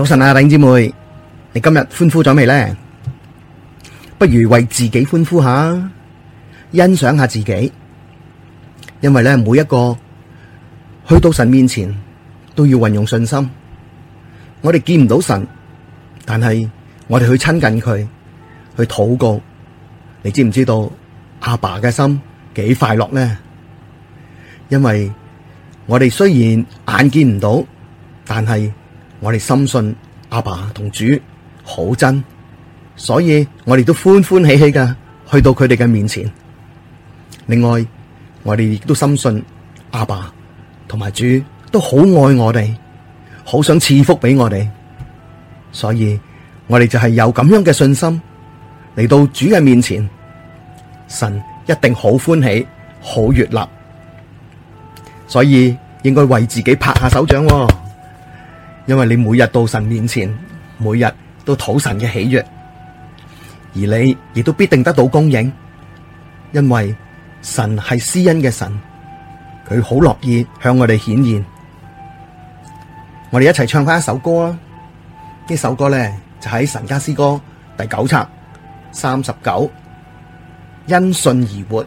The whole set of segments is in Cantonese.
早晨啊，頂姐妹，你今日歡呼咗未呢？不如為自己歡呼下，欣賞下自己，因為咧每一個去到神面前都要運用信心。我哋見唔到神，但係我哋去親近佢，去禱告。你知唔知道阿爸嘅心幾快樂呢？因為我哋雖然眼見唔到，但係。我哋深信阿爸同主好真，所以我哋都歡歡喜喜嘅去到佢哋嘅面前。另外，我哋亦都深信阿爸同埋主都好愛我哋，好想賜福俾我哋。所以我哋就係有咁樣嘅信心嚟到主嘅面前，神一定好歡喜、好悅納。所以應該為自己拍下手掌，哦。因為你每日到神面前，每日都討神嘅喜悅，而你亦都必定得到供應，因為神係施恩嘅神，佢好樂意向我哋顯現。我哋一齊唱翻一首歌啦，呢首歌咧就喺《神家詩歌》第九冊三十九，因信而活。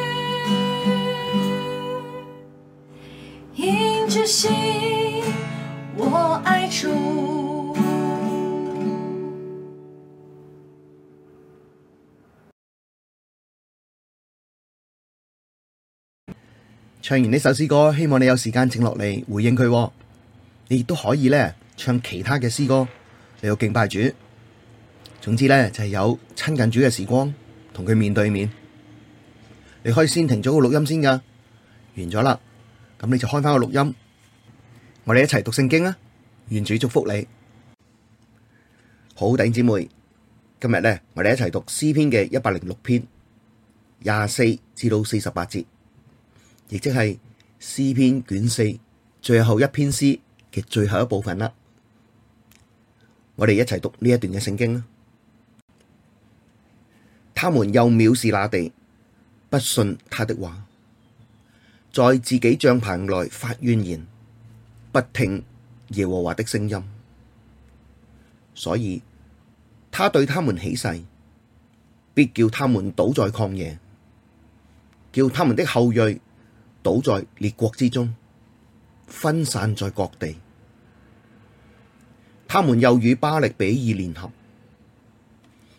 唱完呢首詩歌，希望你有時間靜落嚟回應佢。你亦都可以咧唱其他嘅詩歌，你有敬拜主。總之咧就係、是、有親近主嘅時光，同佢面對面。你可以先停咗個錄音先噶，完咗啦，咁你就開翻個錄音，我哋一齊讀聖經啊！願主祝福你。好，弟兄姊妹，今日咧我哋一齊讀詩篇嘅一百零六篇廿四至到四十八節。亦即係詩篇卷四最後一篇詩嘅最後一部分啦。我哋一齊讀呢一段嘅聖經啦。他們又藐視那地，不信他的話，在自己帳棚內發怨言，不聽耶和華的聲音，所以他對他們起誓，必叫他們倒在曠野，叫他們的後裔。倒在列國之中，分散在各地。他們又與巴力毘珥聯合，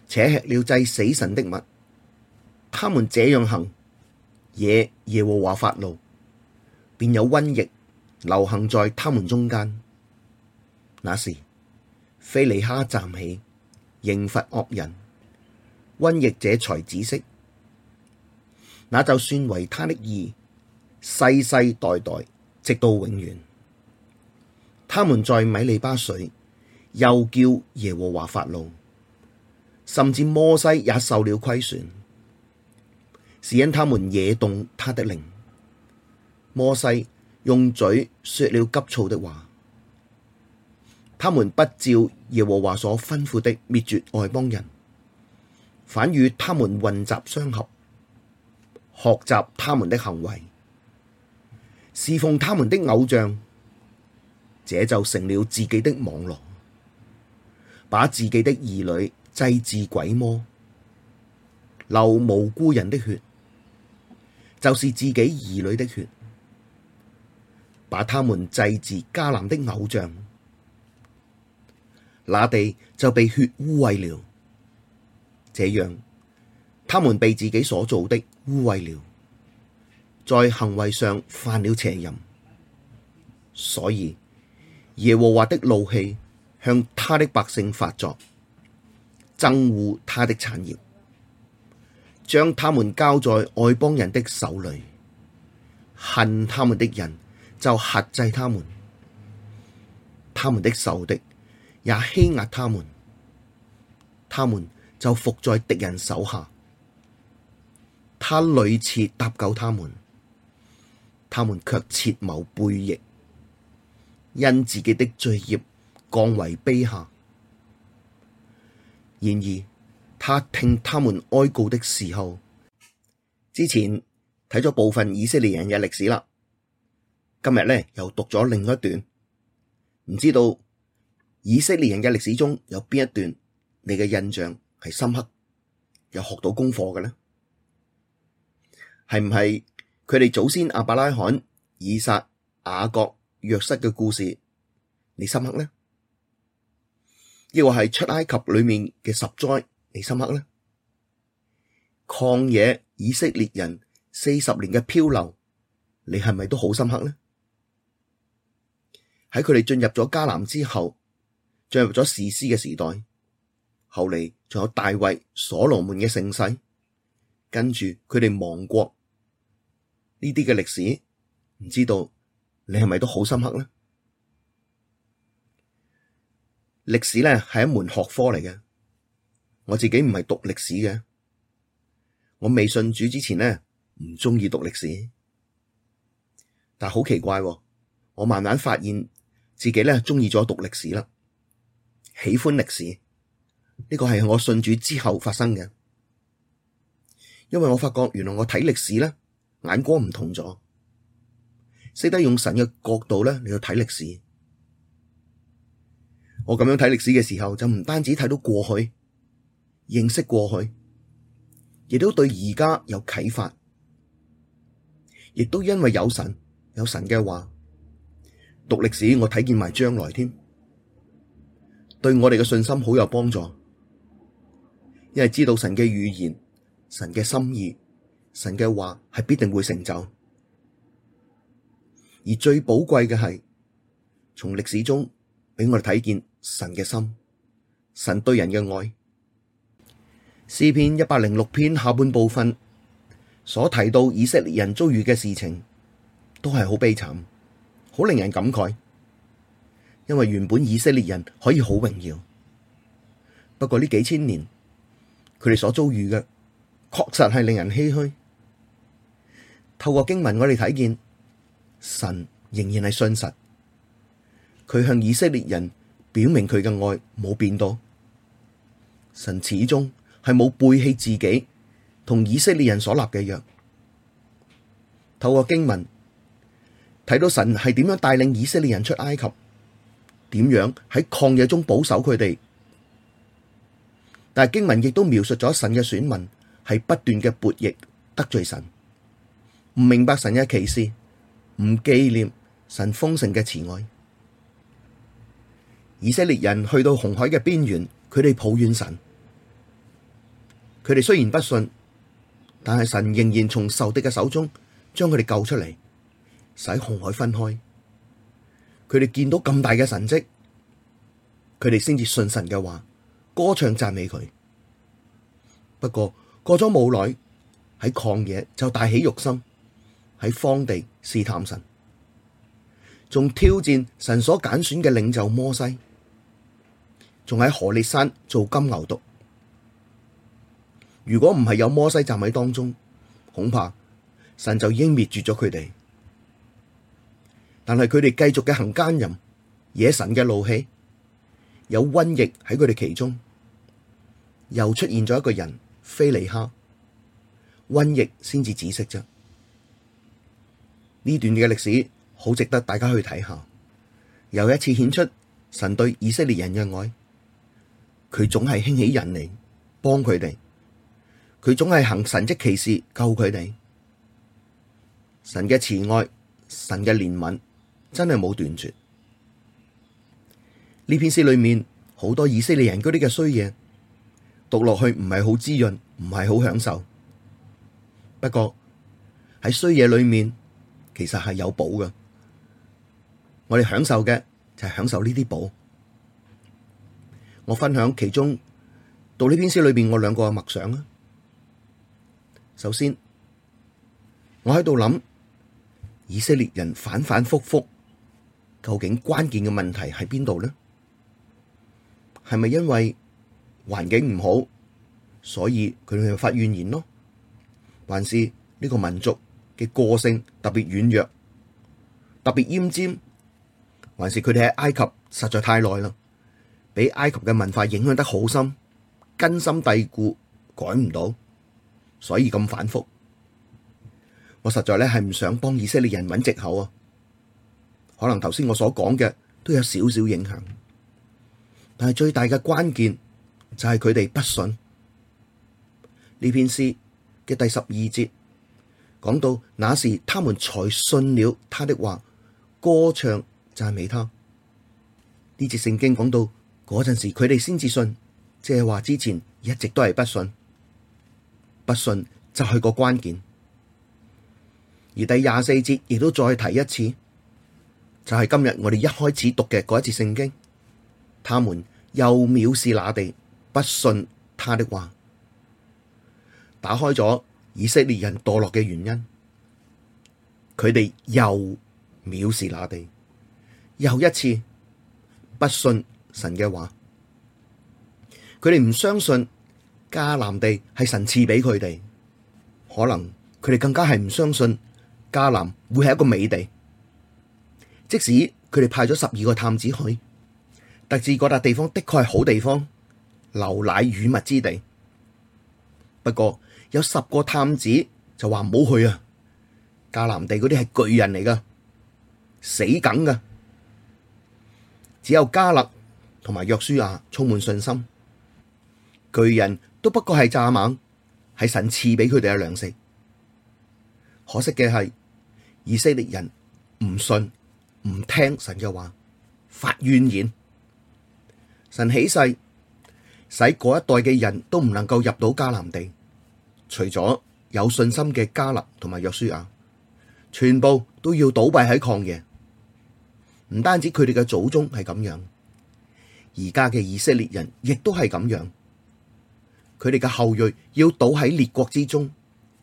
且吃了祭死神的物。他們這樣行，惹耶和華發怒，便有瘟疫流行在他們中間。那時，非尼哈站起，刑罰惡人，瘟疫這才止息。那就算為他的義。世世代代，直到永遠。他們在米利巴水，又叫耶和華發怒，甚至摩西也受了虧損，是因他們惹動他的靈。摩西用嘴說了急躁的話，他們不照耶和華所吩咐的滅絕外邦人，反與他們混雜相合，學習他們的行為。事奉他們的偶像，這就成了自己的網羅，把自己的兒女祭祀鬼魔，流無辜人的血，就是自己兒女的血，把他們祭祀迦南的偶像，那地就被血污穢了。這樣，他們被自己所做的污穢了。在行為上犯了邪淫，所以耶和華的怒氣向他的百姓發作，憎惡他的產業，將他們交在外邦人的手裏，恨他們的人就轄制他們，他們的仇敵也欺壓他們，他們就伏在敵人手下。他屢次搭救他們。.他們卻切謀背逆，因自己的罪孽降為卑下。然而，他聽他們哀告的時候，之前睇咗部分以色列人嘅歷史啦。今日咧又讀咗另一段，唔知道以色列人嘅歷史中有邊一段你嘅印象係深刻，又學到功課嘅咧，係唔係？佢哋祖先亞伯拉罕、以撒、雅各、約瑟嘅故事，你深刻呢？抑或係出埃及裏面嘅十災，你深刻呢？曠野以色列人四十年嘅漂流，你係咪都好深刻呢？喺佢哋進入咗迦南之後，進入咗士師嘅時代，後嚟仲有大衛、所羅門嘅盛世，跟住佢哋亡國。呢啲嘅歷史唔知道你係咪都好深刻呢？歷史呢係一門學科嚟嘅，我自己唔係讀歷史嘅。我未信主之前呢，唔中意讀歷史。但好奇怪，我慢慢發現自己呢，中意咗讀歷史啦，喜歡歷史。呢個係我信主之後發生嘅，因為我發覺原來我睇歷史呢。眼光唔同咗，識得用神嘅角度咧，嚟去睇歷史。我咁樣睇歷史嘅時候，就唔單止睇到過去，認識過去，亦都對而家有啟發，亦都因為有神，有神嘅話，讀歷史我睇見埋將來添，對我哋嘅信心好有幫助，因為知道神嘅語言，神嘅心意。神嘅話係必定會成就，而最寶貴嘅係從歷史中俾我哋睇見神嘅心，神對人嘅愛。詩篇一百零六篇下半部分所提到以色列人遭遇嘅事情，都係好悲慘，好令人感慨。因為原本以色列人可以好榮耀，不過呢幾千年佢哋所遭遇嘅，確實係令人唏噓。透過經文，我哋睇見神仍然係信實，佢向以色列人表明佢嘅愛冇變到，神始終係冇背棄自己同以色列人所立嘅約。透過經文睇到神係點樣帶領以色列人出埃及，點樣喺曠野中保守佢哋。但係經文亦都描述咗神嘅選民係不斷嘅悖逆，得罪神。唔明白神嘅奇事，唔紀念神豐盛嘅慈愛。以色列人去到紅海嘅邊緣，佢哋抱怨神。佢哋雖然不信，但係神仍然從仇敵嘅手中將佢哋救出嚟，使紅海分開。佢哋見到咁大嘅神跡，佢哋先至信神嘅話，歌唱讚美佢。不過過咗冇耐喺曠野就大起肉心。喺荒地試探神，仲挑戰神所揀選嘅領袖摩西，仲喺何烈山做金牛犢。如果唔係有摩西站喺當中，恐怕神就已經滅絕咗佢哋。但係佢哋繼續嘅行奸淫，惹神嘅怒氣，有瘟疫喺佢哋其中。又出現咗一個人非尼哈，瘟疫先至止息啫。呢段嘅歷史好值得大家去睇下，又一次顯出神對以色列人嘅愛，佢總係興起人嚟幫佢哋，佢總係行神蹟奇事救佢哋，神嘅慈愛、神嘅憐憫真係冇斷絕。呢篇詩裏面好多以色列人嗰啲嘅衰嘢，讀落去唔係好滋潤，唔係好享受，不過喺衰嘢裏面，其實係有寶㗎，我哋享受嘅就係享受呢啲寶。我分享其中到呢篇詩裏邊我兩個嘅默想啊。首先，我喺度諗以色列人反反复覆究竟關鍵嘅問題喺邊度呢？係咪因為環境唔好，所以佢哋發怨言咯？還是呢個民族？嘅個性特別軟弱，特別奄尖，還是佢哋喺埃及實在太耐啦，俾埃及嘅文化影響得好深，根深蒂固，改唔到，所以咁反覆。我實在咧係唔想幫以色列人搵藉口啊！可能頭先我所講嘅都有少少影響，但係最大嘅關鍵就係佢哋不信呢篇詩嘅第十二節。講到那時，他們才信了他的話，歌唱讚美他。呢節聖經講到嗰陣時，佢哋先至信，即係話之前一直都係不信，不信就係個關鍵。而第廿四節亦都再提一次，就係今日我哋一開始讀嘅嗰一節聖經，他們又藐視那地，不信他的話。打開咗。以色列人墮落嘅原因，佢哋又藐視那地，又一次不信神嘅話，佢哋唔相信迦南地係神賜俾佢哋，可能佢哋更加係唔相信迦南會係一個美地。即使佢哋派咗十二個探子去，特自嗰笪地方的確係好地方，流奶與蜜之地，不過。有十個探子就話唔好去啊！迦南地嗰啲係巨人嚟噶，死梗噶。只有迦勒同埋約書亞、啊、充滿信心。巨人都不過係蚱蜢，係神賜俾佢哋嘅糧食。可惜嘅係以色列人唔信唔聽神嘅話，發怨言。神起誓，使嗰一代嘅人都唔能夠入到迦南地。除咗有信心嘅加勒同埋約書亞，全部都要倒閉喺曠野。唔單止佢哋嘅祖宗係咁樣，而家嘅以色列人亦都係咁樣。佢哋嘅後裔要倒喺列國之中，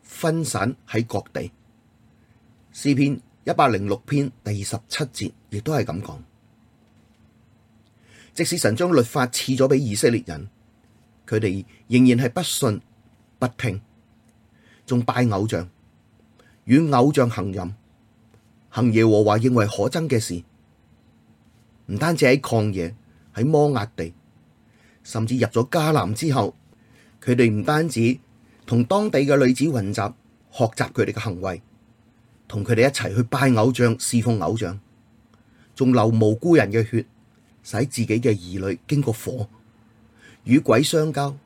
分散喺各地。詩篇一百零六篇第二十七節亦都係咁講。即使神將律法賜咗俾以色列人，佢哋仍然係不信不聽。仲拜偶像，與偶像行淫，行耶和華認為可憎嘅事。唔單止喺曠野、喺摩押地，甚至入咗迦南之後，佢哋唔單止同當地嘅女子混雜，學習佢哋嘅行為，同佢哋一齊去拜偶像、侍奉偶像，仲流無辜人嘅血，使自己嘅兒女經過火，與鬼相交，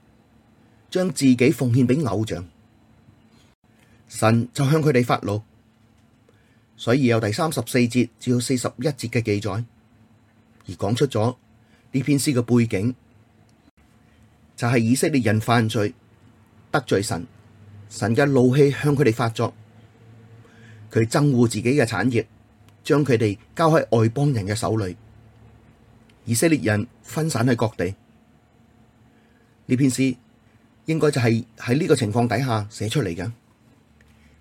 將自己奉獻俾偶像。神就向佢哋發怒，所以有第三十四節至到四十一節嘅記載而講出咗呢篇詩嘅背景，就係以色列人犯罪得罪神，神嘅怒氣向佢哋發作，佢憎惡自己嘅產業，將佢哋交喺外邦人嘅手裏，以色列人分散喺各地，呢篇詩應該就係喺呢個情況底下寫出嚟嘅。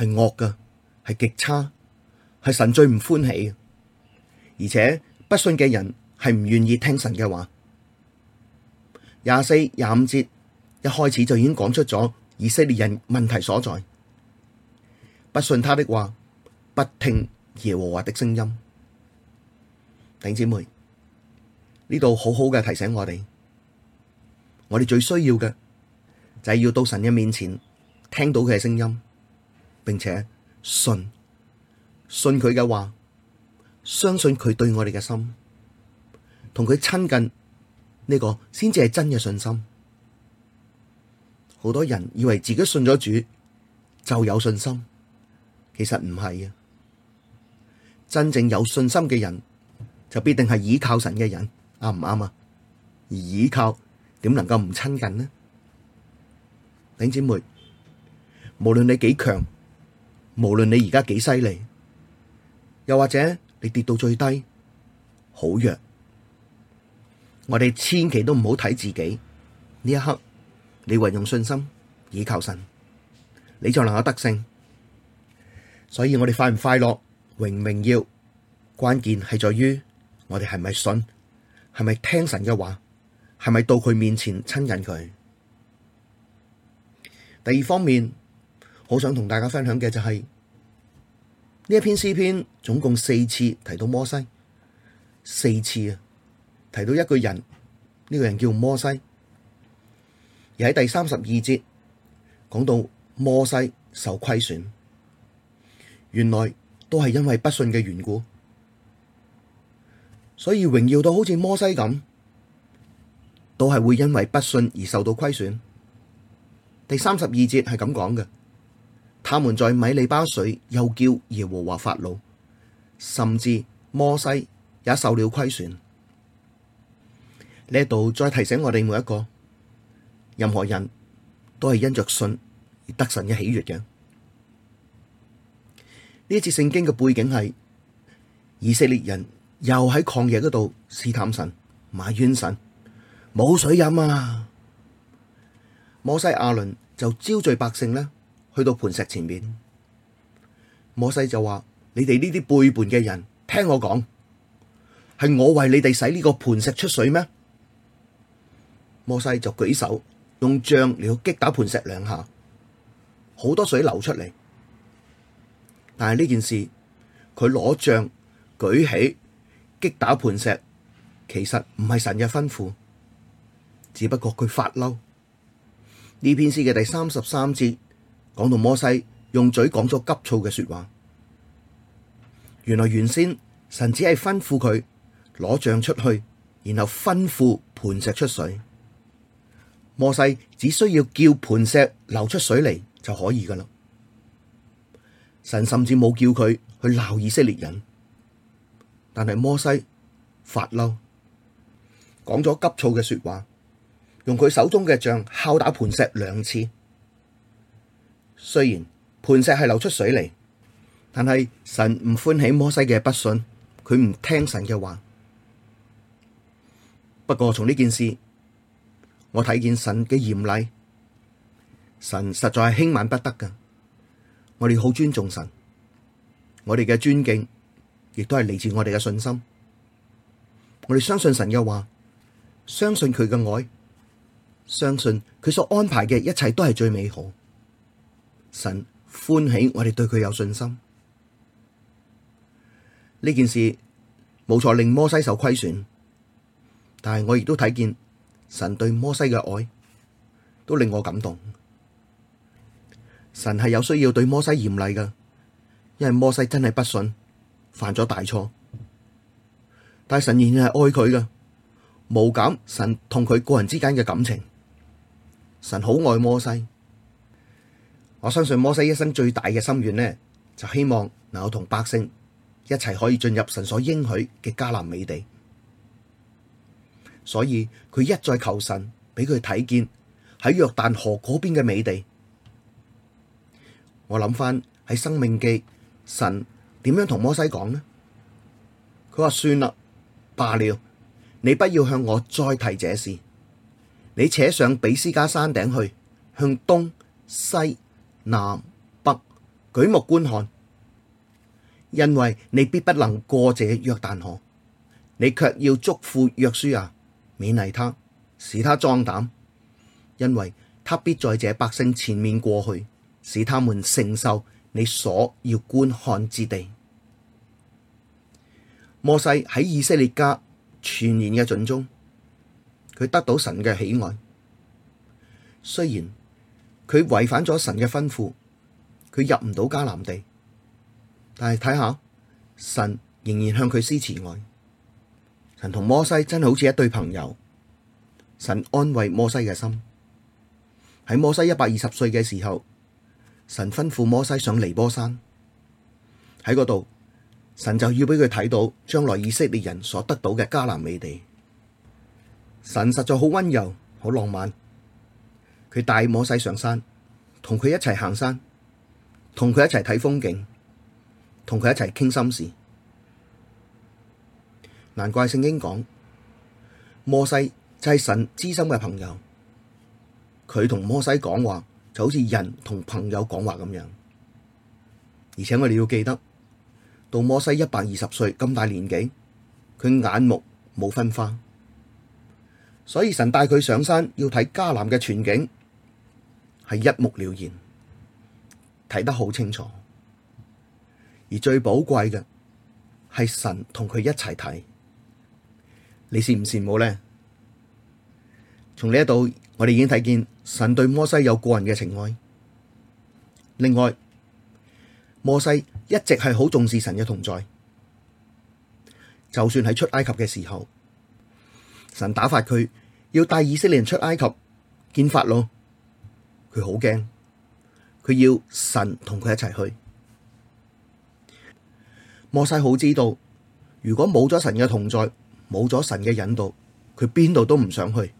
係惡嘅，係極差，係神最唔歡喜。而且不信嘅人係唔願意聽神嘅話。廿四廿五節一開始就已經講出咗以色列人問題所在，不信他的話，不聽耶和華的聲音。弟兄姊妹，呢度好好嘅提醒我哋，我哋最需要嘅就係要到神嘅面前聽到佢嘅聲音。.並且信信佢嘅話，相信佢對我哋嘅心，同佢親近呢個先至係真嘅信心。好多人以為自己信咗主就有信心，其實唔係啊！真正有信心嘅人就必定係倚靠神嘅人，啱唔啱啊？而倚靠點能夠唔親近呢？弟兄姊妹，無論你幾強。無論你而家幾犀利，又或者你跌到最低，好弱，我哋千祈都唔好睇自己呢一刻。你運用信心倚靠神，你就能夠得勝。所以我哋快唔快樂，榮唔榮耀，關鍵係在於我哋係咪信，係咪聽神嘅話，係咪到佢面前親近佢。第二方面。好想同大家分享嘅就係呢一篇詩篇，總共四次提到摩西，四次啊，提到一個人，呢個人叫摩西。而喺第三十二節講到摩西受虧損，原來都係因為不信嘅緣故，所以榮耀到好似摩西咁，都係會因為不信而受到虧損。第三十二節係咁講嘅。他們在米利巴水，又叫耶和華發怒，甚至摩西也受了虧損。呢度再提醒我哋每一個，任何人都係因着信而得神嘅喜悦嘅。呢次聖經嘅背景係以色列人又喺曠野嗰度試探神、埋怨神，冇水飲啊！摩西亞倫就招聚百姓啦。去到磐石前面，摩西就話：你哋呢啲背叛嘅人，聽我講，係我為你哋使呢個磐石出水咩？摩西就舉手，用杖嚟到擊打磐石兩下，好多水流出嚟。但係呢件事，佢攞杖舉起擊打磐石，其實唔係神嘅吩咐，只不過佢發嬲。呢篇詩嘅第三十三節。講到摩西用嘴講咗急躁嘅說話，原來原先神只係吩咐佢攞杖出去，然後吩咐磐石出水，摩西只需要叫磐石流出水嚟就可以㗎喇。神甚至冇叫佢去鬧以色列人，但係摩西發嬲，講咗急躁嘅說話，用佢手中嘅杖敲打磐石兩次。雖然磐石係流出水嚟，但係神唔歡喜摩西嘅不信，佢唔聽神嘅話。不過從呢件事，我睇見神嘅嚴厲，神實在係輕慢不得噶。我哋好尊重神，我哋嘅尊敬亦都係嚟自我哋嘅信心。我哋相信神嘅話，相信佢嘅愛，相信佢所安排嘅一切都係最美好。神歡喜我哋對佢有信心，呢件事冇錯，令摩西受虧損，但係我亦都睇見神對摩西嘅愛，都令我感動。神係有需要對摩西嚴厲嘅，因為摩西真係不信，犯咗大錯。但神仍然係愛佢嘅，無減神同佢個人之間嘅感情。神好愛摩西。我相信摩西一生最大嘅心願呢，就希望能夠同百姓一齊可以進入神所應許嘅迦南美地。所以佢一再求神俾佢睇見喺約旦河嗰邊嘅美地。我諗翻喺生命記，神點樣同摩西講呢？佢話算啦，罷了，你不要向我再提這事。你扯上比斯加山頂去，向東西，南北舉目觀看，因為你必不能過這約旦河，你卻要囑咐約書亞勉勵他，使他壯膽，因為他必在這百姓前面過去，使他們承受你所要觀看之地。摩西喺以色列家傳言嘅准中，佢得到神嘅喜愛，雖然，佢違反咗神嘅吩咐，佢入唔到迦南地。但係睇下，神仍然向佢施慈愛。神同摩西真係好似一對朋友。神安慰摩西嘅心。喺摩西一百二十歲嘅時候，神吩咐摩西上尼波山。喺嗰度，神就要畀佢睇到將來以色列人所得到嘅迦南美地。神實在好溫柔，好浪漫。佢帶摩西上山，同佢一齊行山，同佢一齊睇風景，同佢一齊傾心事。難怪聖經講摩西就係神知心嘅朋友，佢同摩西講話就好似人同朋友講話咁樣。而且我哋要記得到摩西一百二十歲咁大年紀，佢眼目冇昏花，所以神帶佢上山要睇迦南嘅全景。係一目了然，睇得好清楚，而最寶貴嘅係神同佢一齊睇，你羨唔羨慕呢？從呢一度，我哋已經睇見神對摩西有個人嘅情愛。另外，摩西一直係好重視神嘅同在，就算喺出埃及嘅時候，神打發佢要帶以色列人出埃及見法老。佢好驚，佢要神同佢一齊去。摩西好知道，如果冇咗神嘅同在，冇咗神嘅引導，佢邊度都唔想去，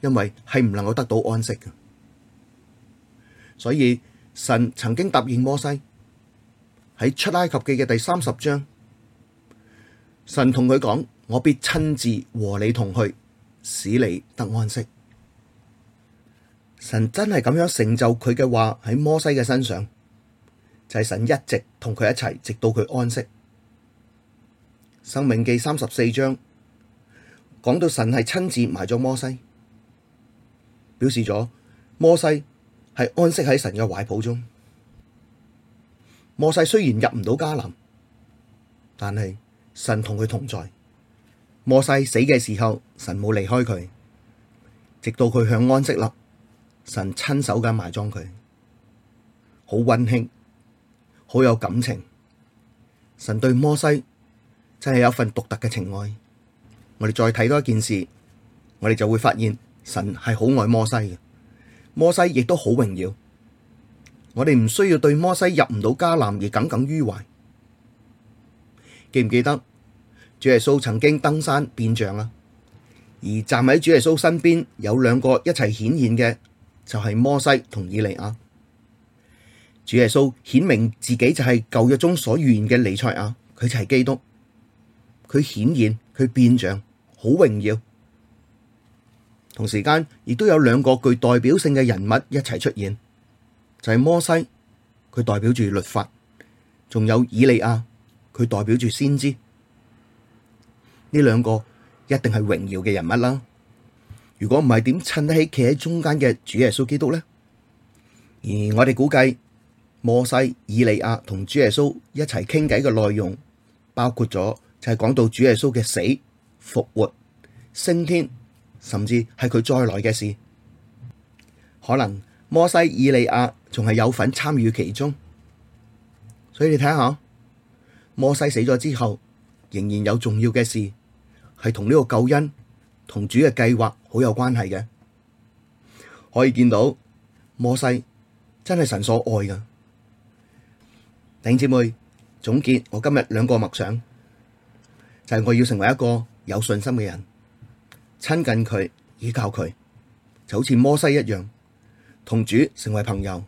因為係唔能夠得到安息嘅。所以神曾經答應摩西喺出埃及記嘅第三十章，神同佢講：我必親自和你同去，使你得安息。神真係咁樣成就佢嘅話喺摩西嘅身上，就係神一直同佢一齊，直到佢安息。生命記三十四章講到神係親自埋咗摩西，表示咗摩西係安息喺神嘅懷抱中。摩西雖然入唔到迦南，但係神同佢同在。摩西死嘅時候，神冇離開佢，直到佢享安息啦。神親手咁埋葬佢，好溫馨，好有感情。神對摩西真係有一份獨特嘅情愛。我哋再睇多一件事，我哋就會發現神係好愛摩西嘅。摩西亦都好榮耀。我哋唔需要對摩西入唔到迦南而耿耿於懷。記唔記得主耶穌曾經登山變像啊？而站喺主耶穌身邊有兩個一齊顯現嘅。就係摩西同以利亞，主耶穌顯明自己就係舊約中所預言嘅彌賽亞，佢就係基督，佢顯現佢變像好榮耀，同時間亦都有兩個具代表性嘅人物一齊出現，就係、是、摩西，佢代表住律法，仲有以利亞，佢代表住先知，呢兩個一定係榮耀嘅人物啦。如果唔係點襯得起企喺中間嘅主耶穌基督呢？而我哋估計摩西、以利亞同主耶穌一齊傾偈嘅內容，包括咗就係講到主耶穌嘅死、復活、升天，甚至係佢再來嘅事，可能摩西、以利亞仲係有份參與其中。所以你睇下，摩西死咗之後，仍然有重要嘅事係同呢個救恩。同主嘅計劃好有關係嘅，可以見到摩西真係神所愛嘅。弟姐妹總結，我今日兩個默想就係、是、我要成為一個有信心嘅人，親近佢，依靠佢，就好似摩西一樣，同主成為朋友。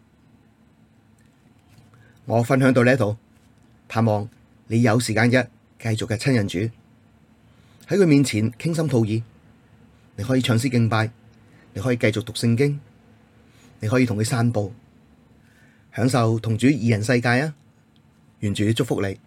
我分享到呢一度，盼望你有時間一繼續嘅親近主，喺佢面前傾心吐意。你可以唱詩敬拜，你可以繼續讀聖經，你可以同佢散步，享受同主二人世界啊！願主祝福你。